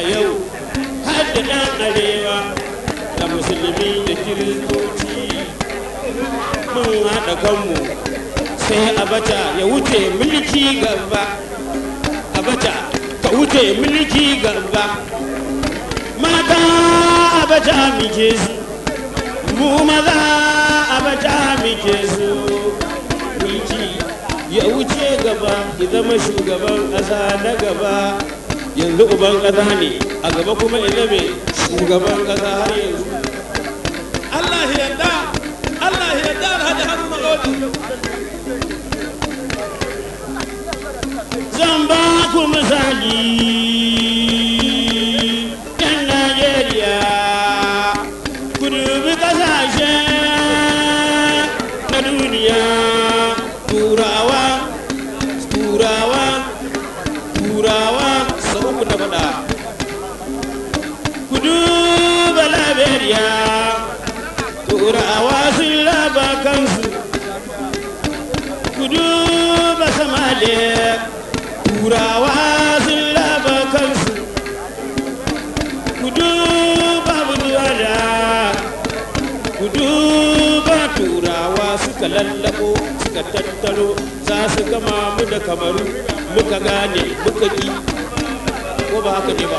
a yau har da ɗan arewa da musulmi da kiristoci mun haɗa kanmu sai abata ya wuce mulki gaba abata ka wuce mulki gaba mata abata muke su mu maza abata muke su mulki ya wuce gaba ya zama shugaban ƙasa na gaba yanzu uban ƙasa ne a gaba kuma ina mai shugaban ƙasa har yanzu Allah yarda Allah yarda har Hassan Maodi zan ba ku misali Yeah. Najeriya na duniya makiya turawa sun laba kansu kudu ba sama samaliya turawa sun laba kansu kudu ba budurada kudu ba turawa suka lallabo suka tattaro za su gama mu da kamaru muka gane muka ki ko ba haka ne ba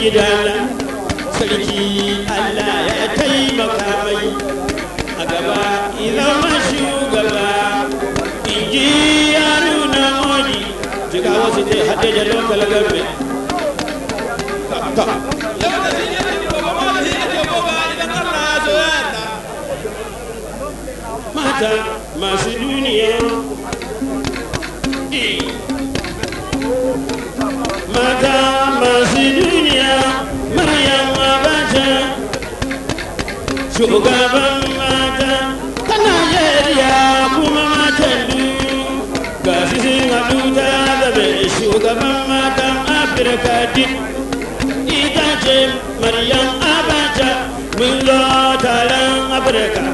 na sarki Allah ya taimaka mai a gaba zama shugaba in ji ya nuna moni jiga wasu zai haɗe da lokal gabe mata masu duniya mata shugaban mata ta najeriya kuma matan ga su sun haɗu ta zabe shugaban matan afirka din ita ce maryam abacha mun zo taron afirka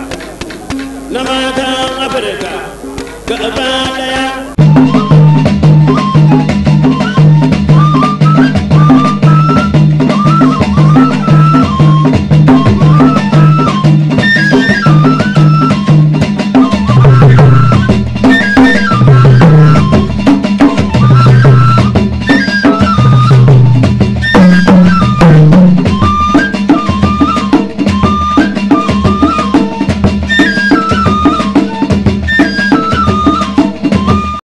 na matan afirka gaba daya